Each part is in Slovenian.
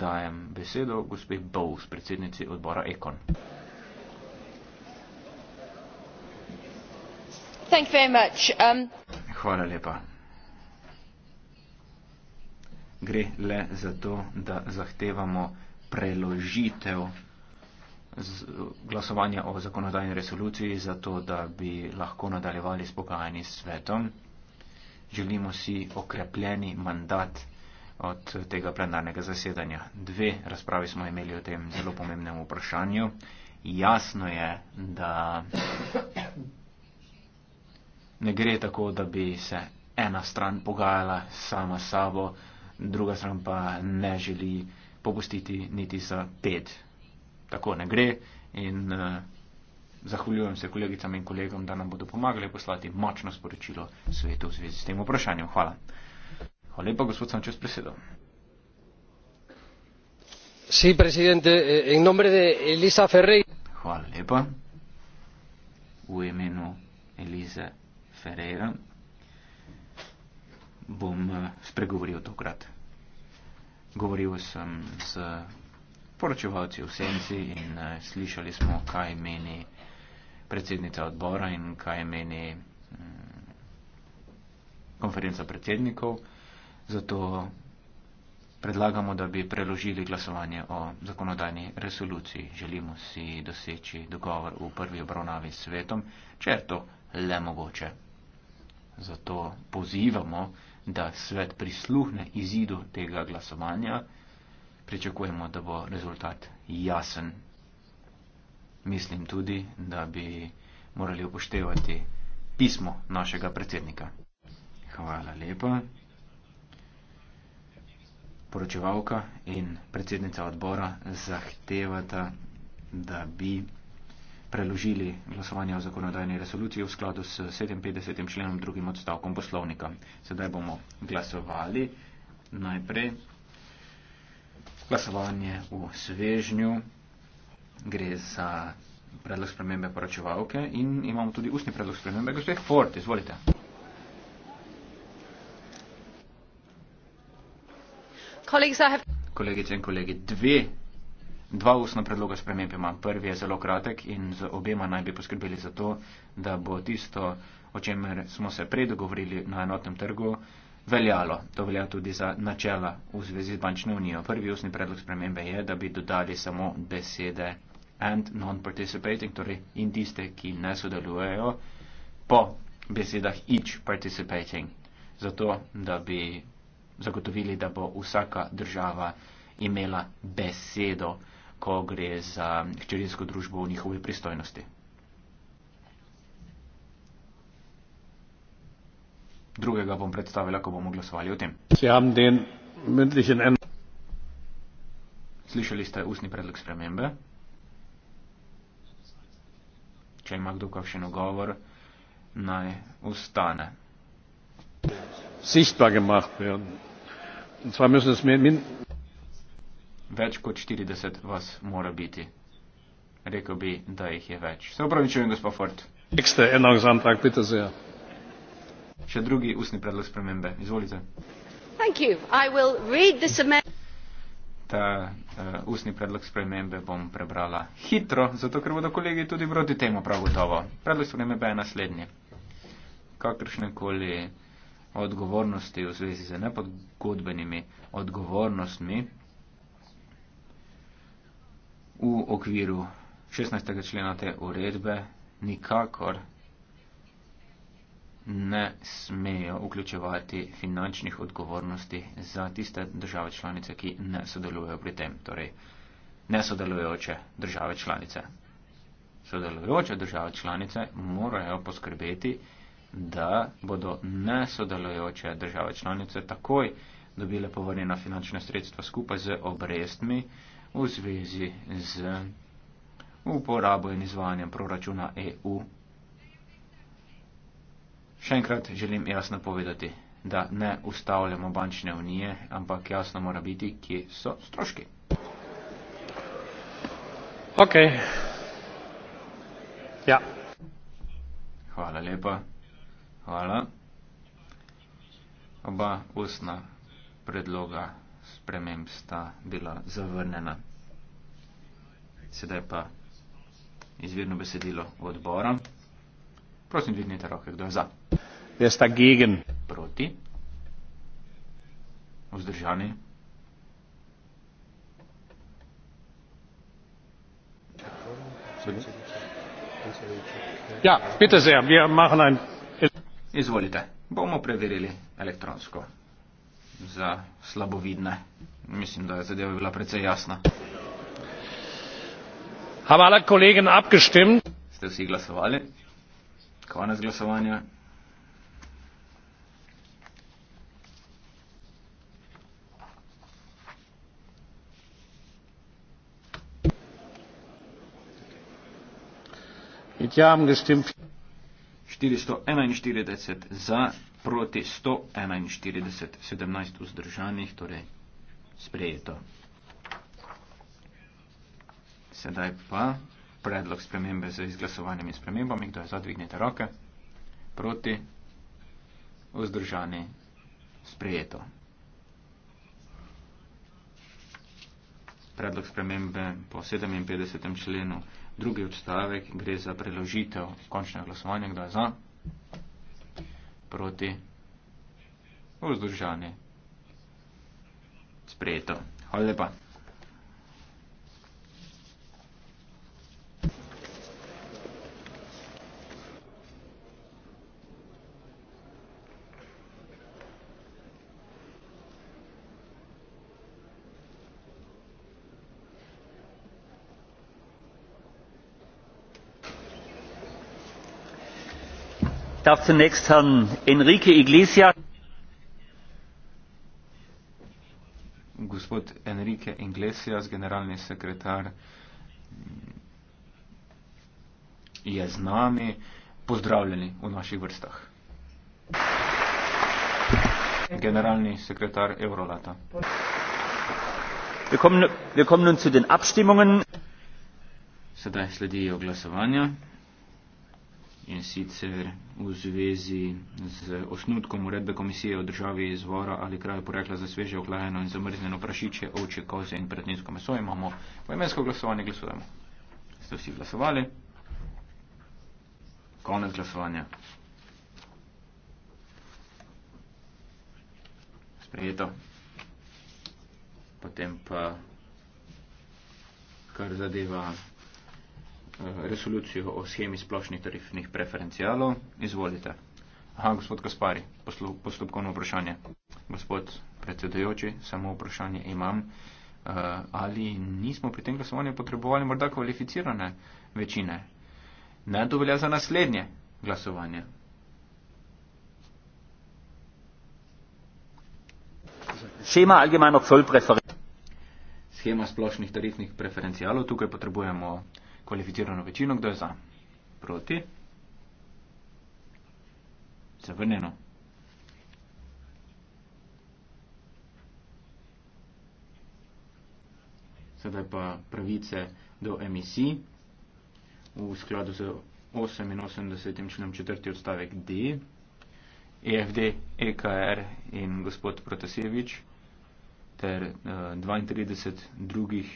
dajem besedo gospe Bows, predsednici odbora Ekon. Thank you very much. Um... Hvala lepa. Gre le za to, da zahtevamo preložitev glasovanja o zakonodajni resoluciji, zato da bi lahko nadaljevali s pogajanji s svetom. Želimo si okrepljeni mandat od tega plenarnega zasedanja. Dve razpravi smo imeli o tem zelo pomembnem vprašanju. Jasno je, da ne gre tako, da bi se ena stran pogajala sama s sabo, druga stran pa ne želi popustiti niti za ped. Tako ne gre in uh, zahvaljujem se kolegicam in kolegom, da nam bodo pomagali poslati močno sporočilo svetu v zvezi s tem vprašanjem. Hvala. Hvala lepa, gospod Sančez, presedo. Sí, presidente, eh, en nombre de Elisa Ferrey. Hvala lepa. V imenu Elize Ferreira bom eh, spregovoril tokrat. Govoril sem z poročevalci v senci in eh, slišali smo, kaj meni predsednica odbora in kaj meni mm, konferenca predsednikov. Zato predlagamo, da bi preložili glasovanje o zakonodajni resoluciji. Želimo si doseči dogovor v prvi obravnavi s svetom, če je to le mogoče. Zato pozivamo, da svet prisluhne izidu tega glasovanja. Pričakujemo, da bo rezultat jasen. Mislim tudi, da bi morali upoštevati pismo našega predsednika. Hvala lepa poročevalka in predsednica odbora zahtevata, da bi preložili glasovanje o zakonodajni resoluciji v skladu s 57. členom drugim odstavkom poslovnika. Sedaj bomo glasovali najprej glasovanje v svežnju, gre za predlog spremembe poročevalke in imamo tudi ustni predlog spremembe. Gospod Ford, izvolite. Kolegice in kolegi, dve, dva ustna predloga sprememb imam. Prvi je zelo kratek in z obema naj bi poskrbeli za to, da bo tisto, o čemer smo se predogovorili na enotnem trgu, veljalo. To velja tudi za načela v zvezi z bančno unijo. Prvi ustni predlog spremembe je, da bi dodali samo besede and non-participating, torej in tiste, ki ne sodelujejo, po besedah each participating. Zato, da bi zagotovili, da bo vsaka država imela besedo, ko gre za hčerinsko družbo v njihovi pristojnosti. Drugega bom predstavila, ko bomo glasovali o tem. Slišali ste ustni predlog spremembe? Če ima kdo kakšen ogovor, naj ustane. Sichtbar gemacht werden. Več kot 40 vas mora biti. Rekel bi, da jih je več. Se upravičujem, gospod Ford. Ja. Še drugi usni predlog spremembe. Izvolite. Ta uh, eh, usni predlog spremembe bom prebrala hitro, zato ker bodo kolegi tudi proti temu prav gotovo. Predlog spremembe je naslednji. Kakršnekoli odgovornosti v zvezi z nepodgodbenimi odgovornostmi v okviru 16. člena te uredbe nikakor ne smejo vključevati finančnih odgovornosti za tiste države članice, ki ne sodelujejo pri tem, torej nesodelujoče države članice. Sodelujoče države članice morajo poskrbeti, da bodo nesodelujoče države članice takoj dobile povrnjena finančna sredstva skupaj z obrestmi v zvezi z uporabo in izvajanjem proračuna EU. Še enkrat želim jasno povedati, da ne ustavljamo bančne unije, ampak jasno mora biti, kje so stroški. Okay. Ja. Hvala lepa. Hvala. Oba ustna predloga sprememb sta bila zavrnjena. Sedaj pa izvirno besedilo odbora. Prosim, dvignite roke, kdo je za. Jaz sta gegen. Proti. Vzdržani. Ja, bitte sehr, wir machen ein. Izvolite, bomo preverili elektronsko. Za slabovidne. Mislim, da je zadeva bila precej jasna. Hvala, kolegen, abgestimt. Ste vsi glasovali? Konec glasovanja. Mit ja, abgestimt. 441 za, proti 141, 17 vzdržanih, torej sprejeto. Sedaj pa predlog spremembe z izglasovanimi spremembami, kdo je za, dvignite roke, proti, vzdržani, sprejeto. Predlog spremembe po 57. členu drugi odstavek gre za preložitev končnega glasovanja, kdo je za, proti, vzdržanje. Sprejeto. Hvala lepa. darf zunächst herrn enrique iglesias gospod enrique iglesias generalni sekretar je z nami pozdravljeni v naših vrstah generalni sekretar eurolata wir kommen, wir kommen nun zu den abstimmungen sedaj sledijo glasovanja in sicer v zvezi z osnutkom uredbe komisije o državi izvora ali kraju porekla za sveže oklajeno in zamrzneno prašiče, ovče, koze in pretninsko meso. Imamo poimensko glasovanje, glasujemo. Ste vsi glasovali? Konec glasovanja. Sprejeto. Potem pa kar zadeva Mhm. resolucijo o schemi splošnih tarifnih preferencijalov. Izvolite. Aha, gospod Kaspari, postopkovno vprašanje. Gospod predsedajoči, samo vprašanje imam. Eh, ali nismo pri tem glasovanju potrebovali morda kvalificirane večine? Naj to velja za naslednje glasovanje. Schema allgemeiner Zollpreferenz. Schema splošnih tarifnih preferencijalov. Tukaj potrebujemo kvalificirano večino, kdo je za. Proti. Zavrnjeno. Sedaj pa pravice do emisij v skladu z 88. členom 4. odstavek D. EFD, EKR in gospod Protasevič ter uh, eh, 32 drugih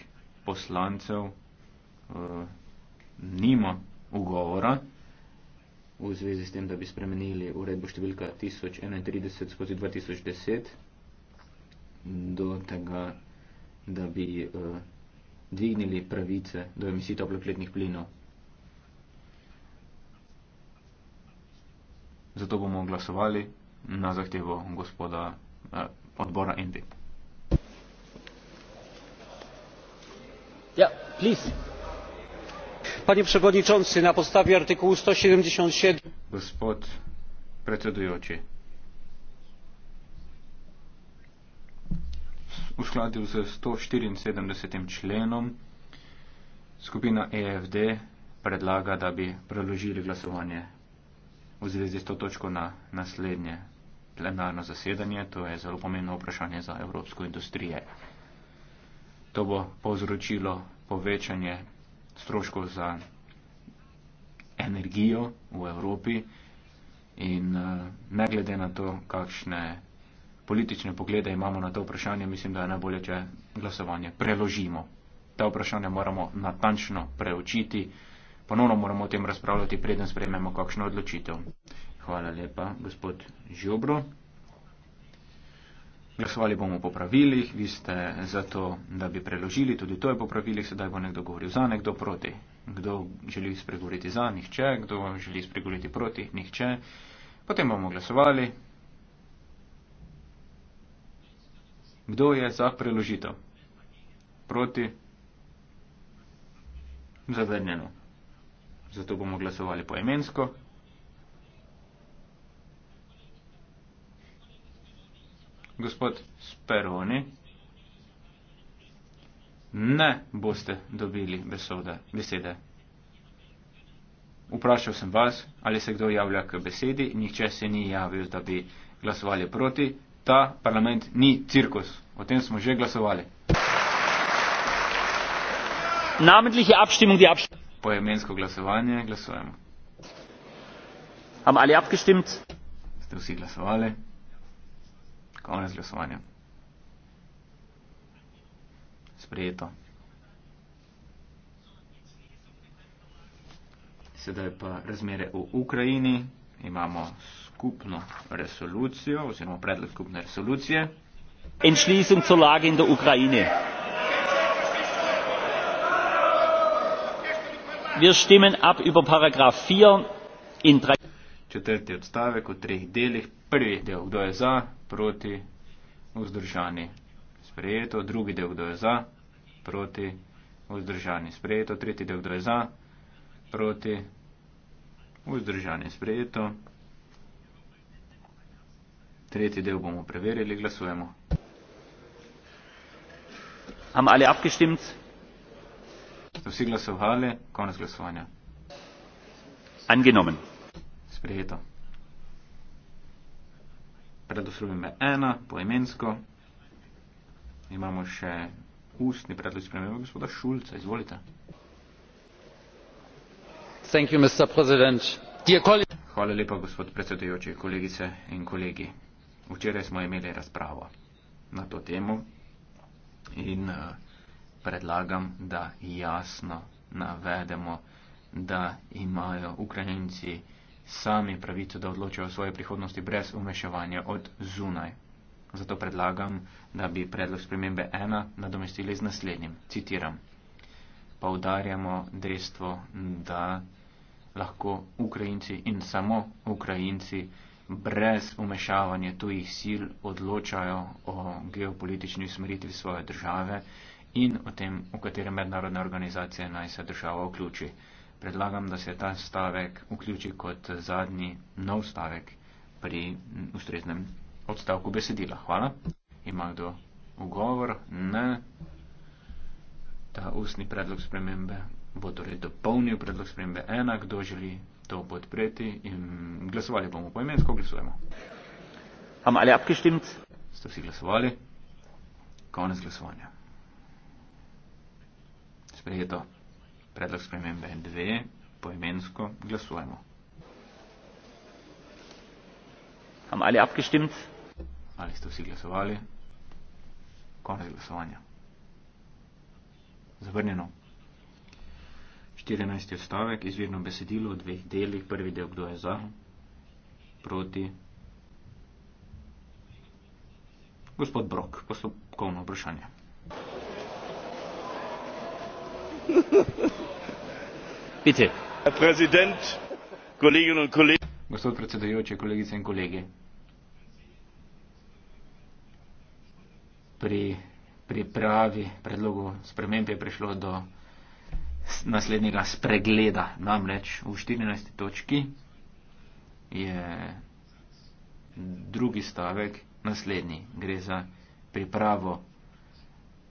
poslancev uh, nima ugovora v zvezi s tem, da bi spremenili uredbo številka 1031 skozi 2010 do tega, da bi uh, dvignili pravice do emisij toplogrednih plinov. Zato bomo glasovali na zahtevo gospoda uh, odbora NDP. Ja, prosim panie przewodniczący na podstawie artykułu sto siedemdziesiąt siedem gospod precedujący w szkladzie ze sto siedemdziesiąt členom skupina EFD predlaga, da bi preložili glasovanje v zvezi s to točko na naslednje plenarno zasedanje. To je zelo pomembno vprašanje za evropsko industrijo. To bo povzročilo povečanje stroškov za energijo v Evropi in eh, ne glede na to, kakšne politične poglede imamo na to vprašanje, mislim, da je najbolje, če glasovanje preložimo. Ta vprašanja moramo natančno preučiti, ponovno moramo o tem razpravljati, preden sprejmemo kakšno odločitev. Hvala lepa, gospod Žobro. Glasovali bomo po pravilih, vi ste za to, da bi preložili, tudi to je po pravilih, sedaj bo nekdo govoril za, nekdo proti. Kdo želi spregovoriti za, nihče, kdo želi spregovoriti proti, nihče. Potem bomo glasovali. Kdo je za preložitev? Proti? Zavrnjeno. Zato bomo glasovali poemensko. Gospod Speroni, ne boste dobili besode, besede. Vprašal sem vas, ali se kdo javlja k besedi, nihče se ni javil, da bi glasovali proti. Ta parlament ni cirkus. O tem smo že glasovali. Namentliche Abstimmung, die Abstimmung. Poemensko glasovanje, glasujemo. Haben alle abgestimmt? Ste vsi glasovali? Konec glasovanja. Sprejeto. Sedaj pa razmere v Ukrajini. Imamo skupno resolucijo oziroma predlog skupne resolucije. Entschließung zur Lage in der Ukraine. Wir stimmen ab über Paragraph 4 in 3. Četrti odstavek v treh delih prvi del, kdo je za, proti, vzdržani, sprejeto, drugi del, kdo je za, proti, vzdržani, sprejeto, tretji del, kdo je za, proti, vzdržani, sprejeto. Tretji del bomo preverili, glasujemo. Am ali abgestimt? So vsi glasovali, konec glasovanja. Angenomen. Sprejeto predoslov ime ena, poimensko. Imamo še ustni predlog spremembe gospoda Šulca. Izvolite. You, Hvala lepa, gospod predsedujoči, kolegice in kolegi. Včeraj smo imeli razpravo na to temo in eh, predlagam, da jasno navedemo, da imajo Ukrajinci sami pravico, da odločajo o svoje prihodnosti brez umešavanja od zunaj. Zato predlagam, da bi predlog spremembe ena nadomestili z naslednjim. Citiram. Poudarjamo dejstvo, da lahko Ukrajinci in samo Ukrajinci brez umešavanja tujih sil odločajo o geopolitični usmeritvi svoje države in o tem, v katere mednarodne organizacije naj se država vključi predlagam, da se ta stavek vključi kot zadnji nov stavek pri ustreznem odstavku besedila. Hvala. Ima kdo ugovor? Ne. Ta ustni predlog spremembe bo torej dopolnil predlog spremembe ena, kdo želi to podpreti in glasovali bomo po imensko, glasujemo. Am ali abgestimt? Ste vsi glasovali? Konec glasovanja. Sprejeto predlog spremembe dve, poimensko glasujemo. Ali, ali ste vsi glasovali? Konec glasovanja. Zavrnjeno. 14. odstavek, izvirno besedilo v dveh delih, prvi del, kdo je za, proti. Gospod Brok, postopkovno vprašanje gospod predsedujoči, kolegice in kolegi. Pri pripravi predlogu sprememb je prišlo do naslednjega spregleda. Namreč v 14. točki je drugi stavek naslednji. Gre za pripravo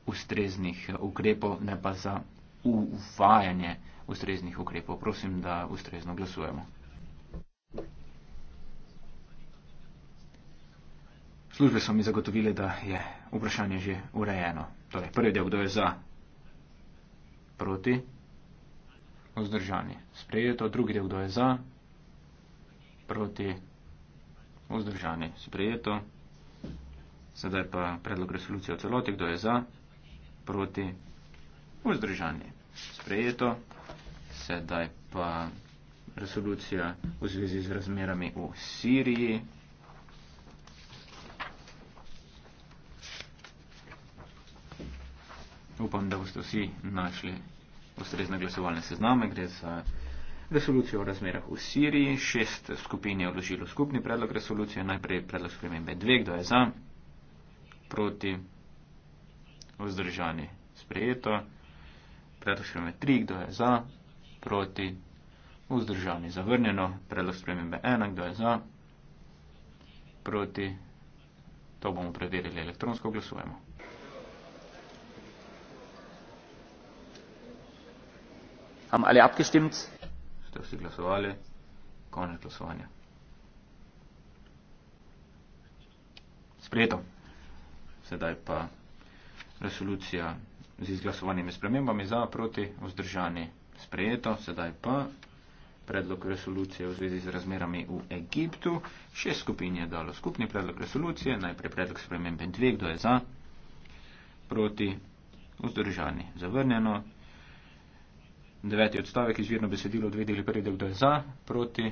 ustreznih ukrepov, ne pa za uvajanje ustreznih ukrepov. Prosim, da ustrezno glasujemo. Službe so mi zagotovile, da je vprašanje že urejeno. Torej, prvi del, kdo je za, proti, vzdržanje. Sprejeto, drugi del, kdo je za, proti, vzdržanje. Sprejeto. Sedaj pa predlog resolucije o celoti, kdo je za, proti, vzdržanje vzdržanje. Sprejeto, sedaj pa resolucija v zvezi z razmerami v Siriji. Upam, da boste vsi našli ustrezne glasovalne sezname. Gre za resolucijo o razmerah v Siriji. Šest skupin je odložilo skupni predlog resolucije. Najprej predlog spremembe dve, kdo je za, proti, vzdržani, sprejeto predlog spremembe 3, kdo je za, proti, vzdržani, zavrnjeno, predlog spremembe 1, kdo je za, proti, to bomo preverili elektronsko, glasujemo. Am ali abgestimt? Ste vsi glasovali? Konec glasovanja. Sprejeto. Sedaj pa resolucija z izglasovanimi spremembami za, proti, vzdržani, sprejeto, sedaj pa predlog resolucije v zvezi z razmerami v Egiptu. Šest skupin je dalo skupni predlog resolucije, najprej predlog spremembe dve, kdo je za, proti, vzdržani, zavrnjeno. Deveti odstavek izvirno besedilo dve deli prvi del, kdo je za, proti,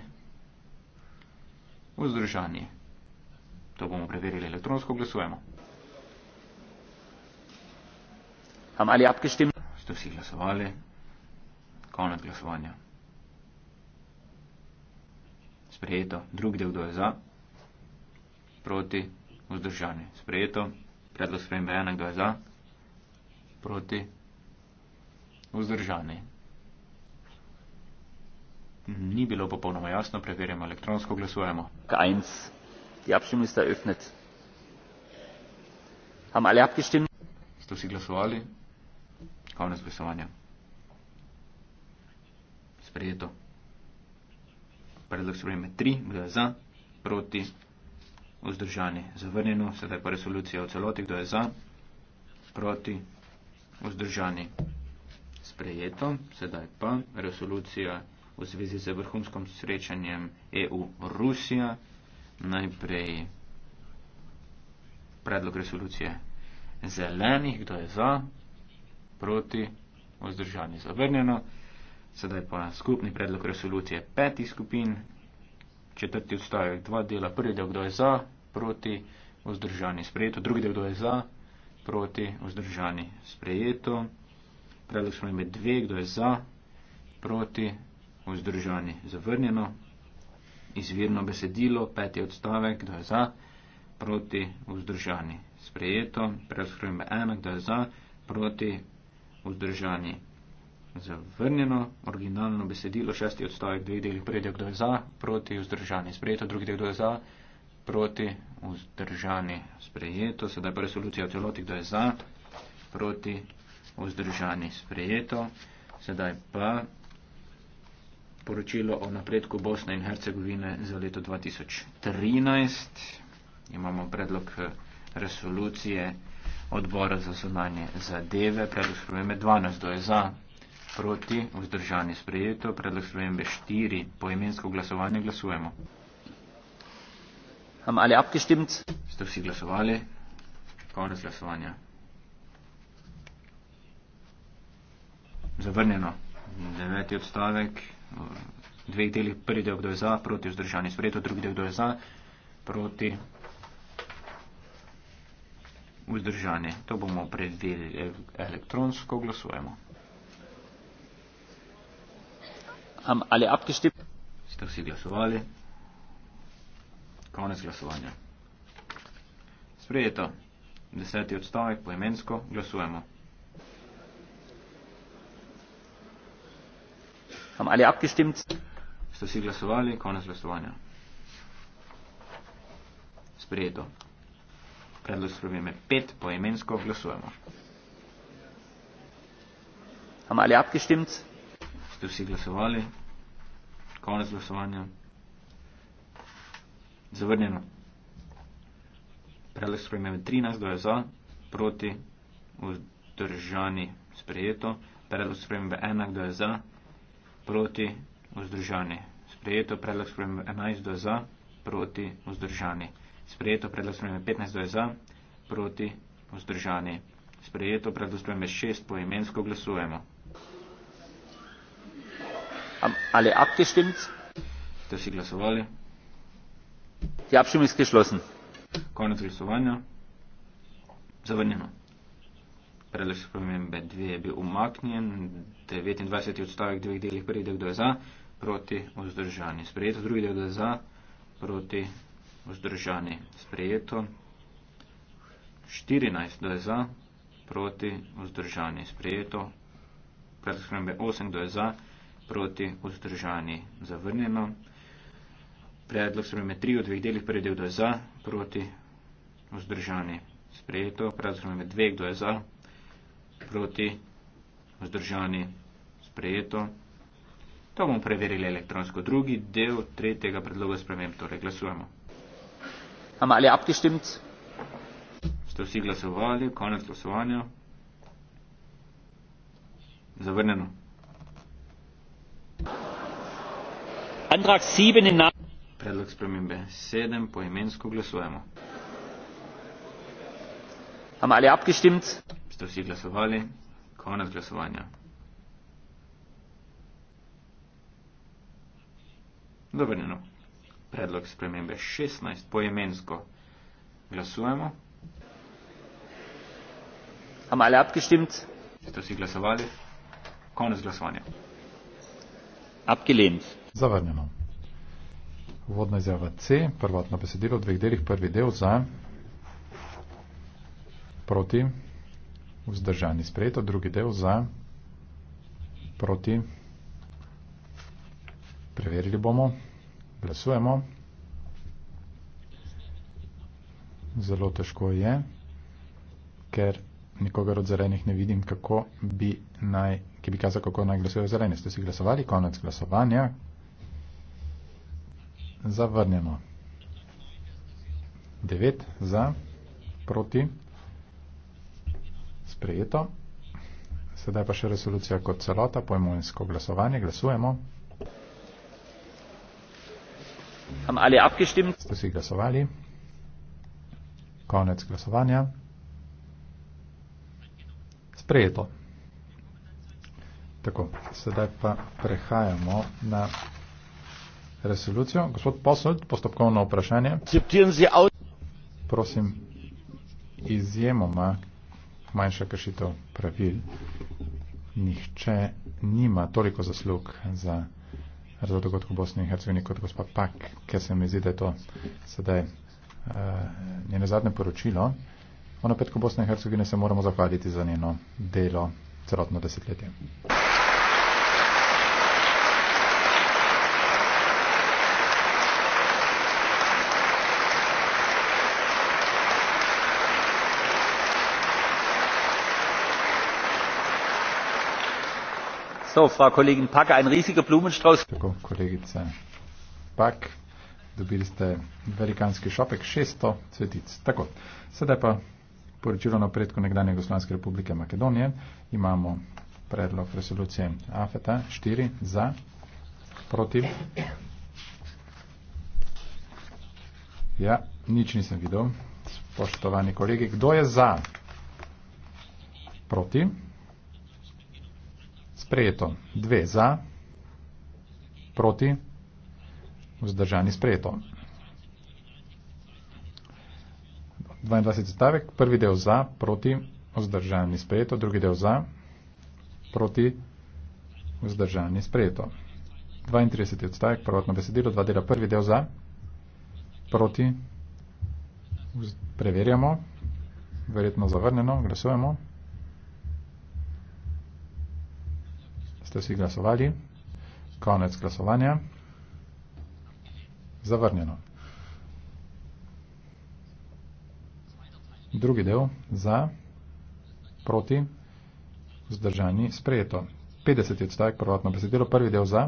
vzdržani. To bomo preverili elektronsko, glasujemo. ali abgestimmt? Ste vsi glasovali? Konec glasovanja. Sprejeto. Drugi del, kdo je za? Proti. Vzdržani. Sprejeto. Predlog spremembe ena, kdo je za? Proti. Vzdržani. Ni bilo popolnoma jasno, preverjamo elektronsko glasujemo. Kajns, ti abšim ste öffnet. Am ali abgestimmt? Ste vsi glasovali? Konec glasovanja. Sprejeto. Predlog sprejme 3, kdo je za, proti, vzdržani, zavrnjeno. Sedaj pa resolucija v celoti, kdo je za, proti, vzdržani, sprejeto. Sedaj pa resolucija v zvezi z vrhunskom srečanjem EU-Rusija. Najprej predlog resolucije zelenih, kdo je za, proti, vzdržani zavrnjeno. Sedaj pa skupni predlog resolucije petih skupin, četrti odstavek dva dela, prvi del kdo je za, proti, vzdržani sprejeto, drugi del kdo je za, proti, vzdržani sprejeto. Predlog smo imeli dve, kdo je za, proti, vzdržani zavrnjeno. Izvirno besedilo, peti odstavek, kdo je za, proti, vzdržani sprejeto. Predlog smo imeli ena, kdo je za, proti, vzdržani. Zavrnjeno, originalno besedilo, šesti odstavek, dve deli, prvi del, kdo je za, proti, vzdržani, sprejeto, drugi del, kdo je za, proti, vzdržani, sprejeto, sedaj pa resolucija v celoti, kdo je za, proti, vzdržani, sprejeto, sedaj pa poročilo o napredku Bosne in Hercegovine za leto 2013. Imamo predlog eh, resolucije odbora za zunanje zadeve, predlog spremembe 12, kdo je za, proti, vzdržani sprejeto, predlog spremembe 4, poimensko glasovanje glasujemo. Ste vsi glasovali? Konec glasovanja. Zavrnjeno. Deveti odstavek. Dveh delih. Prvi del, kdo je za, proti vzdržani sprejeto, drugi del, kdo je za, proti vzdržanje. To bomo predvedeli elektronsko, glasujemo. Um, ali abgestip? Ste vsi glasovali? Konec glasovanja. Sprejeto. Deseti odstavek poimensko glasujemo. Um, ali abgestimt? Ste vsi glasovali? Konec glasovanja. Sprejeto predlog spremembe pet poimensko glasujemo. Amalia abgestimmt? Ste vsi glasovali? Konec glasovanja. Zavrnjeno. Predlog spremembe 13, kdo je za, proti, vzdržani, sprejeto. Predlog spremembe 1, kdo je za, proti, vzdržani, sprejeto. Predlog spremembe 11, kdo je za, proti, vzdržani. Sprejeto predlog spremembe 15 je za, proti, vzdržani. Sprejeto predlog spremembe 6 poimensko glasujemo. Am, ali akti stimmt? Ste vsi glasovali? Die Abstimmung ist geschlossen. Konec glasovanja. Zavrnjeno. Predlog spremembe 2 je bil umaknjen. 29. odstavek 2 delih prvi del je za, proti, vzdržani. Sprejeto drugi del je za, proti, vzdržani vzdržani. Sprejeto 14, kdo je za, proti vzdržani. Sprejeto predskrbe 8, kdo je za, proti vzdržani. Zavrnjeno. Predlog spremembe 3 v dveh delih predel, kdo je za, proti vzdržani. Sprejeto. Predlog spremembe 2, kdo je za, proti vzdržani. Sprejeto. To bomo preverili elektronsko. Drugi del tretjega predloga sprememb, torej glasujemo haben alle abgestimmt? Ste vsi glasovali, konec glasovanja? Zavrnjeno. Predlog spremembe sedem, poimensko glasujemo. Haben alle abgestimmt? Ste vsi glasovali, konec glasovanja? Zavrnjeno predlog spremembe 16 poemensko. Glasujemo. Amalja abgestimt. Ste vsi glasovali? Konec glasovanja. Abgelehnt. Zavrnjeno. Vodna izjava C, prvotno besedilo v dveh delih, prvi del za, proti, vzdržani sprejeto, drugi del za, proti, preverili bomo glasujemo. Zelo težko je, ker nikogar od zelenih ne vidim, kako bi naj, ki bi kazal, kako naj glasujejo zeleni. Ste si glasovali? Konec glasovanja. Zavrnjeno. 9 za, proti, sprejeto. Sedaj pa še resolucija kot celota, pojmovinsko glasovanje. Glasujemo haben alle abgestimmt. Konec glasovanja. Sprejeto. Tako, sedaj pa prehajamo na resolucijo. Gospod Posled, postopkovno vprašanje. Prosim, izjemoma manjša kršitev pravil. Nihče nima toliko zaslug za za dogodek v Bosni in Hercegovini kot gospod Pak, ker se mi zdi, da je to sedaj uh, njeno zadnje poročilo. Ono petko Bosne in Hercegovine se moramo zahvaliti za njeno delo celotno desetletje. So, Frau Kollegin Pack, ein riesiger Blumenstrauß. Tako, kolegica Pack, dobili ste velikanski šopek 600 cvetic. Tako, sedaj pa poročilo na predku nekdanje Goslanske republike Makedonije. Imamo predlog resolucije AFETA 4 za, proti. Ja, nič nisem videl. Spoštovani kolegi, kdo je za? Proti sprejeto. Dve za, proti, vzdržani sprejeto. 22. stavek, prvi del za, proti, vzdržani sprejeto, drugi del za, proti, vzdržani sprejeto. 32. odstavek, prvotno besedilo, dva dela, prvi del za, proti, preverjamo, verjetno zavrnjeno, glasujemo. ste vsi glasovali. Konec glasovanja. Zavrnjeno. Drugi del za, proti, vzdržani, sprejeto. 50 je odstavek prvotno besedilo, prvi del za,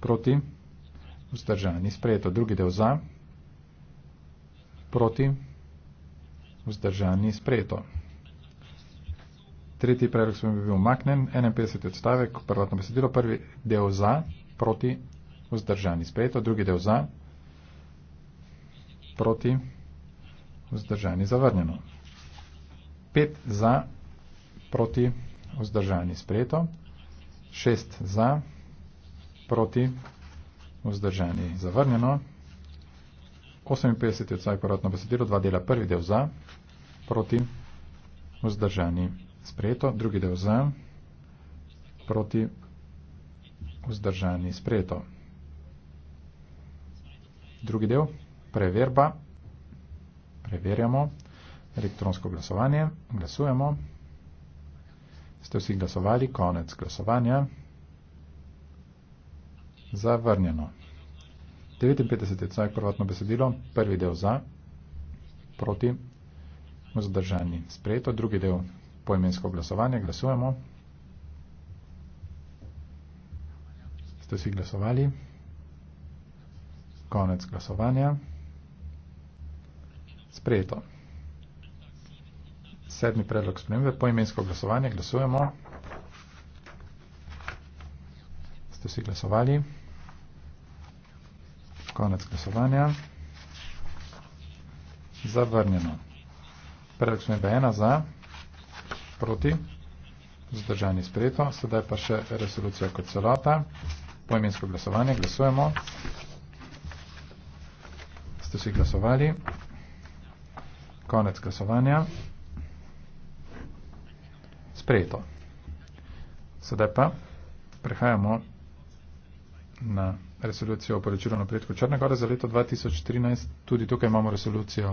proti, vzdržani, sprejeto. Drugi del za, proti, vzdržani, sprejeto. Tretji predlog sem bil umaknen, 51 odstavek, prvotno besedilo, prvi del za, proti, vzdržani, sprejeto, drugi del za, proti, vzdržani, zavrnjeno. Pet za, proti, vzdržani, sprejeto, šest za, proti, vzdržani, zavrnjeno. 58 odstavek, prvotno besedilo, dva dela, prvi del za, proti, vzdržani, sprejeto sprejeto, drugi del za, proti, vzdržani, sprejeto. Drugi del, preverba, preverjamo elektronsko glasovanje, glasujemo, ste vsi glasovali, konec glasovanja, zavrnjeno. 59 je cvek prvotno besedilo, prvi del za, proti, vzdržani, sprejeto, drugi del poimensko glasovanje. Glasujemo. Ste si glasovali? Konec glasovanja. Sprejeto. Sedmi predlog spremembe. Poimensko glasovanje. Glasujemo. Ste si glasovali? Konec glasovanja. Zavrnjeno. Predlog spremembe ena za proti, zdržani sprejeto. Sedaj pa še resolucija kot celota. Pojmensko glasovanje, glasujemo. Ste si glasovali? Konec glasovanja. Sprejeto. Sedaj pa prehajamo na resolucijo o poročilu napredku Črne Gore za leto 2013. Tudi tukaj imamo resolucijo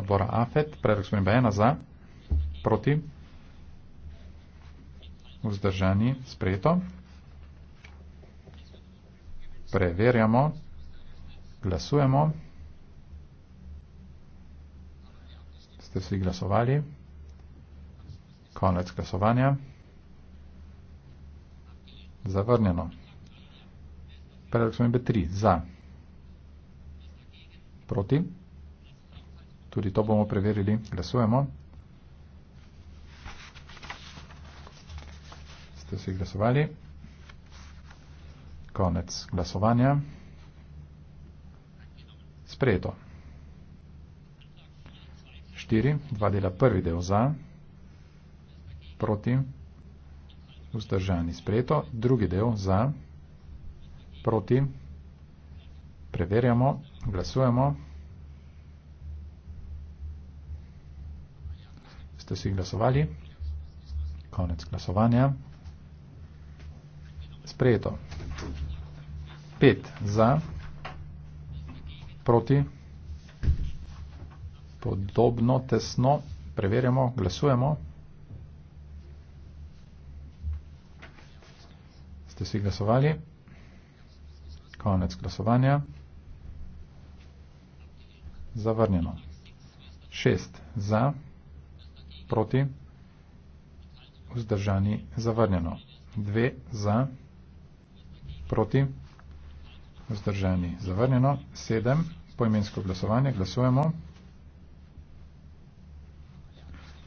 odbora AFET, predlog smo ena za, proti vzdržani, spreto. Preverjamo, glasujemo. Ste vsi glasovali? Konec glasovanja. Zavrnjeno. Predlog smo imeli tri. Za. Proti. Tudi to bomo preverili. Glasujemo. Glasujemo. ste si glasovali. Konec glasovanja. Sprejeto. 4. Dva dela prvi del za, proti, vzdržani sprejeto. Drugi del za, proti, preverjamo, glasujemo. Ste si glasovali? Konec glasovanja sprejeto. 5 za, proti, podobno, tesno, preverjamo, glasujemo. Ste si glasovali? Konec glasovanja. Zavrnjeno. 6 za, proti, vzdržani, zavrnjeno. 2 za, proti, proti, vzdržani, zavrnjeno, sedem, poimensko glasovanje, glasujemo.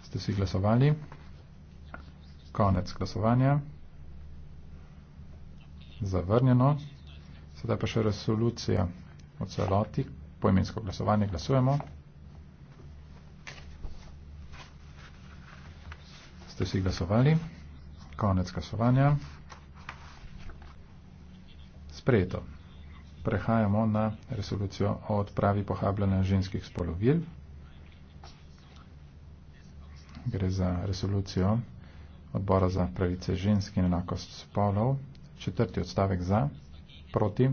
Ste si glasovali, konec glasovanja, zavrnjeno, sedaj pa še resolucija v celoti, poimensko glasovanje, glasujemo. Ste si glasovali, konec glasovanja sprejeto. Prehajamo na resolucijo o odpravi pohabljanja ženskih spolovil. Gre za resolucijo odbora za pravice ženski in enakost spolov. Četrti odstavek za, proti,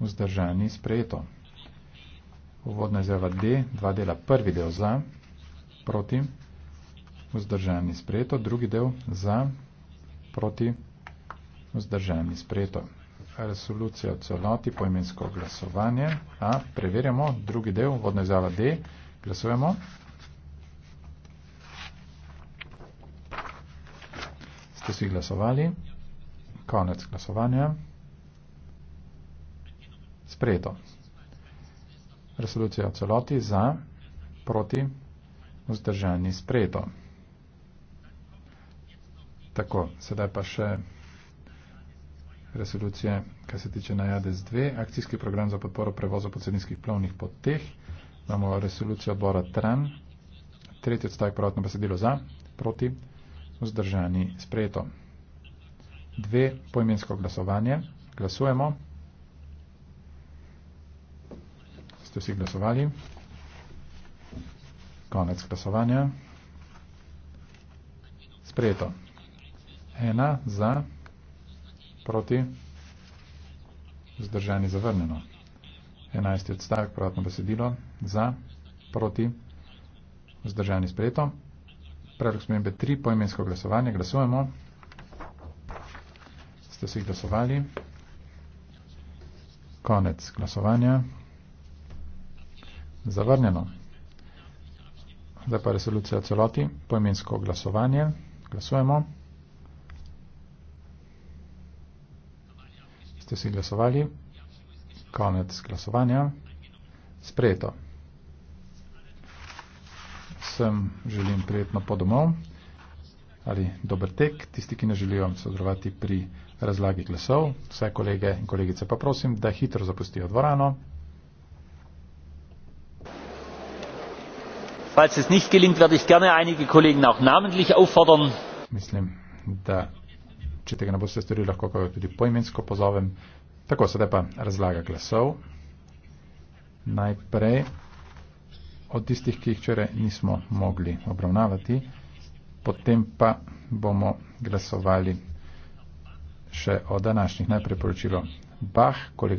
vzdržani, sprejeto. Uvodna izjava D, dva dela, prvi del za, proti, vzdržani, sprejeto, drugi del za, proti, vzdržani vzdržani sprejeto. Resolucija celoti, poimensko glasovanje. A, preverjamo drugi del, vodna izjava D. Glasujemo. Ste vsi glasovali? Konec glasovanja. Sprejeto. Resolucija celoti za, proti, vzdržani sprejeto. Tako, sedaj pa še resolucije, kar se tiče na JADES 2, akcijski program za podporo prevoza po celinskih plovnih poteh, imamo resolucijo odbora TRAN, tretji odstavek pravotno besedilo za, proti, vzdržani sprejeto. Dve, poimensko glasovanje, glasujemo. Ste vsi glasovali? Konec glasovanja. Sprejeto. Ena za proti, vzdržani zavrnjeno. 11. odstavek, pravotno besedilo, za, proti, vzdržani sprejeto. Predlog smembe 3, poimensko glasovanje, glasujemo. Ste si glasovali. Konec glasovanja. Zavrnjeno. Zdaj pa resolucija celoti, poimensko glasovanje, glasujemo. ste vsi glasovali. Konec glasovanja. Sprejeto. Vsem želim prijetno po domov ali dober tek. Tisti, ki ne želijo sodelovati pri razlagi glasov, vse kolege in kolegice pa prosim, da hitro zapustijo dvorano. Falls es nicht gelingt, werde ich gerne einige Kollegen auch namentlich auffordern. Mislim, da če tega ne boste storili, lahko ga tudi poimensko pozovem. Tako, sedaj pa razlaga glasov. Najprej od tistih, ki jih včeraj nismo mogli obravnavati, potem pa bomo glasovali še o današnjih. Najprej poročilo Bah, kolega.